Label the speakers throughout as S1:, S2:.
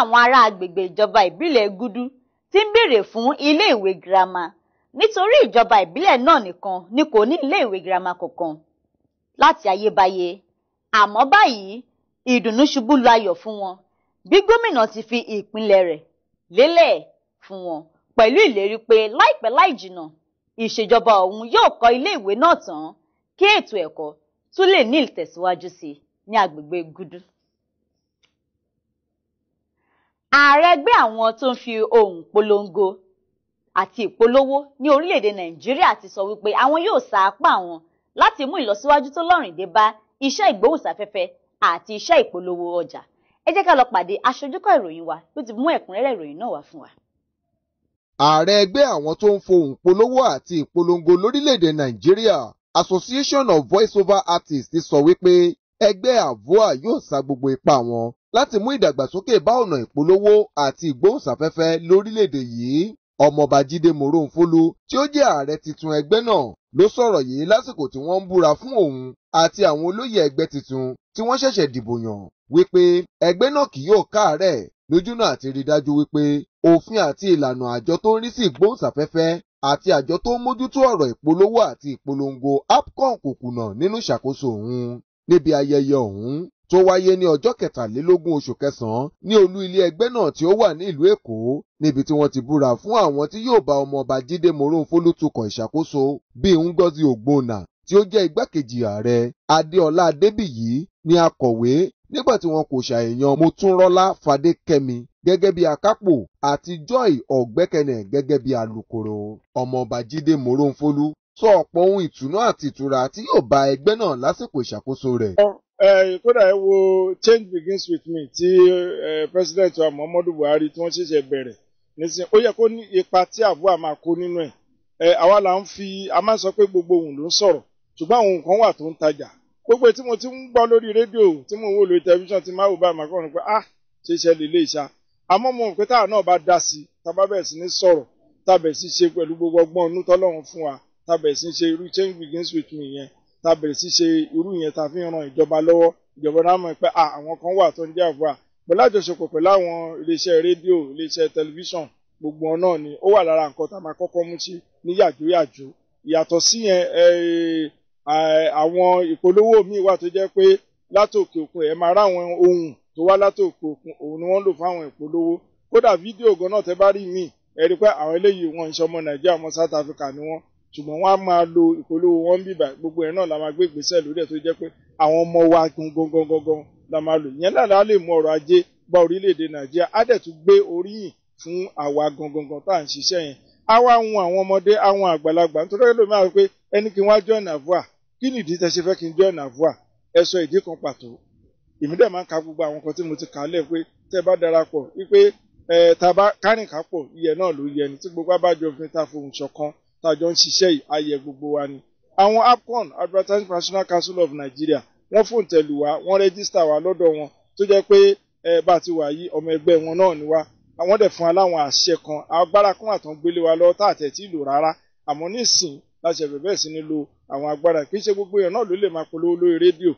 S1: àwọn ará agbègbè ìjọba ìbílẹ̀ Gúdú ti ń béèrè fún iléèwé girama nítorí ìjọba ìbílẹ̀ náà nìkan ni kò ní iléèwé girama kankan láti ayébáyé àmọ́ báyìí ìdùnnú ṣubú lu ayọ̀ fún wọn bí gómìnà ti fi ìpínlẹ̀ rẹ̀ lélẹ̀ fún wọn pẹ̀lú ìlérí pé láìpẹ́ láì jìnnà ìṣèjọba ọ̀hún yóò kọ́ iléèwé náà tán kí ètò ẹ̀kọ́ tún lè ní ìtẹ̀síwájú sí i ní agbègbè Gúdú ààrẹ ẹgbẹ́ àwọn tó ń fi ohùn polongo àti ìpolówó ní orílẹ̀-èdè nàìjíríà ti sọ wípé àwọn yóò sa apá àwọn láti mú ìlọsíwájú tó lọ́rìn dé bá iṣẹ́ ìgbóhùnsáfẹ́fẹ́ àti iṣẹ́ ìpolówó ọjà ẹ jẹ́ ká lọ pàdé aṣojúkọ̀ ìròyìn wa ló ti mú ẹ̀kúnrẹ́rẹ́ ìròyìn náà wá fún wa.
S2: ààrẹ ẹgbẹ́ àwọn tó ń fohùn polówó àti ìpolongo lórílẹ̀-èdè nàìjíríà association of voice-over artists ti sọ wípé ẹgbẹ́ àvua yóò sa gbogbo ipá wọn láti mú ìdàgbàsókè bá ọ̀nà ìpolówó àti ìgbóhùnsáfẹ́fẹ́ lórílẹ̀‐èdè yìí ọmọọba Jídé Moronfolu tí ó jẹ́ ààrẹ titun ẹgbẹ́ náà ló sọ̀rọ̀ yìí lásìkò tí wọ́n ń búra fún òun àti àwọn olóyè ẹgbẹ́ titun tí wọ́n ṣẹ̀ṣẹ̀ dìbò yàn wípé ẹgbẹ́ náà kì yóò káàárẹ̀ lójúnà àti rí dájú wípé òfin àti ìlànà àjọ tó ń rí sí ìgbóhùnsáfẹ́fẹ́ àti àjọ tó ń mójútó ọ̀rọ̀ ìpolówó àti ìpolongo APCON kò kùnà nínú ìṣàkóso òun níbi ayẹyẹ ọ̀hún tó wáyé ní ọjọ́ kẹtàlélógún oṣù kẹsàn-án ní olú ilé ẹgbẹ́ náà tí ó wà ní ìlú Èkó níbi tí wọ́n ti búra fún àwọn tí yóò bá ọmọọba Jídé Mòrónfólú tukọ̀ ìṣàkóso bíi Ngozi Ogbonna tí ó jẹ́ igbákejì ààrẹ Adéọlá Adébíyì ní akọ̀wé nígbà tí wọn kò ṣàyẹ̀yàn Motúnrọ́lá Fadékẹ́mi gẹ́gẹ́ bí akápò àti Joy Ọ̀gbẹ́kẹ̀nẹ̀ gẹ́gẹ́ bí alukoro ọmọọba Jídé Mòrónfólú sọ ọ̀pọ̀ ohun ìtùnú àti ìtura tí yóò bá ẹgbẹ́ náà lásìkò ìṣàkóso rẹ̀
S3: kódà ẹ wo change begins with me tí president wa muhammadu buhari tí wọ́n ṣẹ̀ṣẹ̀ bẹ̀rẹ̀ nísìnyí ó yẹ kó ní ipa tí àbúrò àmà kó nínú ẹ̀ àwa là ń fi a máa sọ pé gbogbo òun ló ń sọ̀rọ̀ ṣùgbọ́n àwọn nǹkan wà tó ń tajà gbogbo tí mo ti ń gbọ́ lórí rédíò tí mo wò lórí tẹlifíṣàn tí máa wò bá àmàkọ́ ni pé ah ṣe iṣẹ́ lè lè ṣá àmọ́ mo rò pé táwa náà bá dá sí i tá a bá bẹ̀rẹ̀ sí ní sọ̀rọ̀ tá a bẹ̀rẹ̀ sí ṣe pẹ̀lú gbogbo ọgbọ́n onútọ́lọ́run fún wa tá a bẹ̀rẹ̀ sí ṣe irú change begins with me yẹn tá a bẹ̀rẹ̀ sí ṣe irú yẹn tá a fi ń ran ìjọba lọ́wọ́ ìjọba náà mọ̀ pé àwọn kan wà tó ń jẹ́ àfúrà pẹ̀lú àjọṣepọ̀ pẹ̀lú àwọn iléeṣẹ́ rédíò iléeṣẹ́ tẹlifíṣàn gbogbo wọn náà ni ó wà lára nǹkan tá a máa kọ́kọ́ mú sí ní yàjóyàjó ìyàtọ̀ sí yẹn àwọn ìpolówó míì wà tó jẹ́ pé látòkè òkun ẹ̀ máa ráwọn ohun tó wá látòkè òkun òun ni wọ́n lò fáwọn ìpolówó kódà fídíò gan náà tẹ́ bá rí míì ẹ rí pé àwọn eléyìí wọn ìṣọmọ Nàìjíríà ọmọ South Africa ni wọ́n ṣùgbọ́n wọ́n á máa lo ìpolówó wọn bíbà gbogbo ẹ̀ náà la máa gbé ìgbésẹ̀ lórí ẹ̀ tó jẹ́ pé àwọn ọmọ wa gangan gangan la máa lò yẹn náà la lè mú ọrọ̀ ajé gba orílẹ̀-èdè nàìjíríà á dẹ̀ tún gbé oríyìn fún àwa gangan gangan tá à ń ṣiṣẹ́ yẹn á wá hun àwọn ọmọdé àwọn àgbàlagbà nítorí ẹlòmí àwọn pé ẹni kí wọ́n á join avua kí nìdí tẹ́ ṣe fẹ́ kí n join avua ẹ sọ ìdí kan pàtó èmi dẹ̀ máa ń ka gbogbo àwọn kan tí mo ti kà á lẹ̀ pé tẹ́ bá darapọ̀ wípé ẹ tàbá kárìnkápọ̀ iye náà ló yẹ ni tí gbogbo abájọ òfin ta fohùn ṣọ̀kan tájọ ń ṣiṣẹ́ yìí ayẹ gbogbo wa ni. àwọn APCON Advertising Professional Council of Nigeria wọ́n fòǹtẹ̀lù wa wọ́n rẹ́gísítà wa lọ́dọ̀ wọn tó jẹ́ pé ẹ bá ti wà yí ọmọ ẹgbẹ́ wọn náà ni wá àwọn dẹ̀ fún wa láwọn àṣẹ kan agbára kan àtàn gbélé wa lọ tá àtẹ̀ tí lò rárá àmọ́ nísìn láṣẹ bẹ̀bẹ̀ sí ni lo àwọn agbára kì í ṣe gbogbo èèyàn náà ló lè máa polówó lórí rédíò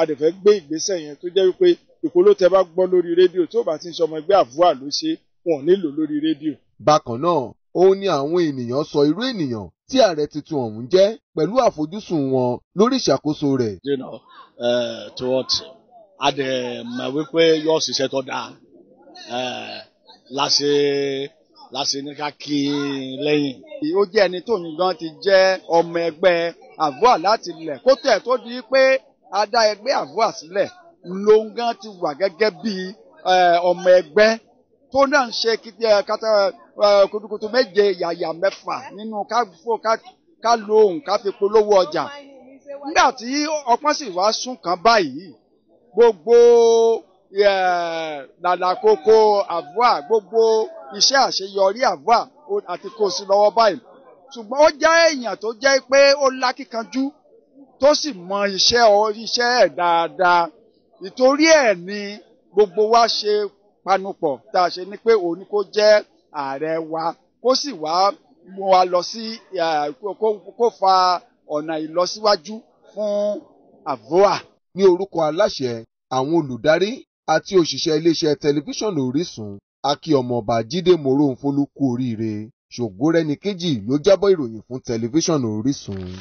S3: a dẹ̀ fẹ́ gbé ìgbésẹ̀ yẹn tó jẹ́ wípé ìpolówó tẹ bá gbọ́ lórí rédíò tó bá ti ń ṣọmọ ẹgbẹ́ àvúà ló ṣe
S2: wọn nílò lórí rédíò. bákan náà òun ni àwọn ènìyàn sọ irú ènìyàn tí ààrẹ tuntun ọ̀hún jẹ́ pẹ̀lú àfojúsùn wọn lórí ìṣàkóso rẹ̀.
S3: you know
S4: uh, towards adẹ mọ̀ wípé yóò ṣiṣẹ́ tó dáa uh, láṣẹ láṣẹ ní ká kí i lẹ́yìn. ó jẹ́ ẹni tó ń gan ti jẹ́ ọmọ ẹgbẹ́ àvọ́à láti ilẹ̀ kó tẹ̀ tó di pé a dá ẹgbẹ́ àvọ́à sílẹ̀ lóun gan ti wà gẹ́gẹ́ bí uh, ọmọ ẹgbẹ́ tó náà ṣe kata kutukutu méje yàyà mẹ́fà nínú ká fò ká lo òun ká fi polówó ọjà nígbà tí ọpọ́n sì wá sún kan báyìí gbogbo làlàkókò àvúà gbogbo iṣẹ́ àṣeyọrí àvúà àti kò sí lọ́wọ́ báyìí ṣùgbọ́n ó jẹ́ èèyàn tó jẹ́ pé ó lákìkanjú tó sì mọ iṣẹ́ ẹ̀ dáadáa ìtorí ẹ̀ ni gbogbo wa ṣe panupọ̀ tá a ṣe ni pé òun kó jẹ́ ààrẹ wa kó sì wá mú wa lọ sí kó fa ọ̀nà ìlọsíwájú fún
S2: AVOA. ní orúkọ aláṣẹ àwọn olùdarí àti òṣìṣẹ́ iléeṣẹ́ tẹlifíṣàn Orísun akí ọmọọba Jídé Mòró Nfolú kú oríire Ṣògórẹ́nìkejì ló jábọ̀ ìròyìn fún tẹlifíṣàn Orísun.